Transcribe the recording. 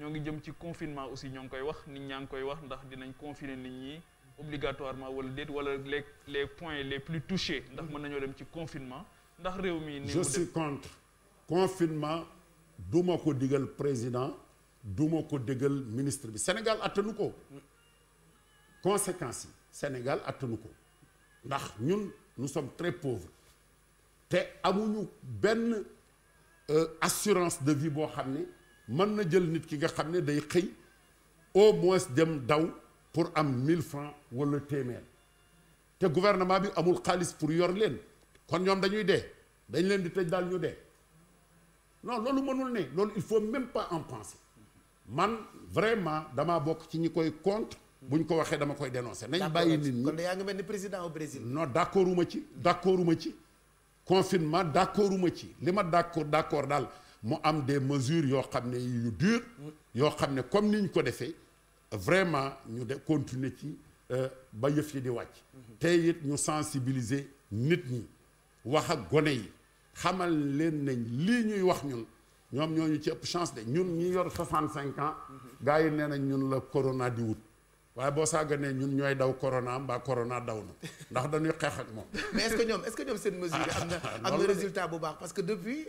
ñoo ngi jëm ci confinement aussi ñoo ngi koy wax nit ñaa ngi koy wax ndax dinañ confiner nit ñi obligatoirement wala déet wala les les points les plus touchés ndax mën nañoo dem ci confinement ndax réew mi. ni je suis contre confinement du ma ko digal président du ko déggal ministre bi Sénégal attanu ko conséquences yi Sénégal attanu ko ndax ñun nous sommes très pauvres te amuñu benn euh, assurance de vie boo xam ne. man na jël nit ki nga xam ne day xëy au moins dem daw pour am mille francs wala téeméer te gouvernement bi amul xaalis pour yor leen kon ñoom dañuy dee dañ leen di tëj daal ñu dee non loolu mënul ne loolu il faut même pas en penser man vraiment damaa bokk ci ñi koy contre bu ñu ko waxee dama koy dénoncer nañ bàyyi nit ñi kon yaa mel ni président au Brésil non d'accorduma ci d'accorduma ci confinement d'accorduma ci li ma d'accord d'accord daal mu am des mesures yoo xam ne yu dur yoo xam ne comme ni ñu ko defee vraiment ñu de continuer ci euh, ba yëf yi di wàcc tey it ñu sensibiliser nit ñi wax ak gone yi xamal leen nañ lii ñuy wax ñun ñoom ñoo ñu ci ëpp chance de ñun ñi yor soixante cinq ans gars yi nee nañ ñun la corona di wut waaye boo sàgganee ñun ñooy daw corona mbaa corona daw na ndax dañuy xeex ak moom mais est ñoom est ñoom seen mesure am na am na résultat bu baax parce que depuis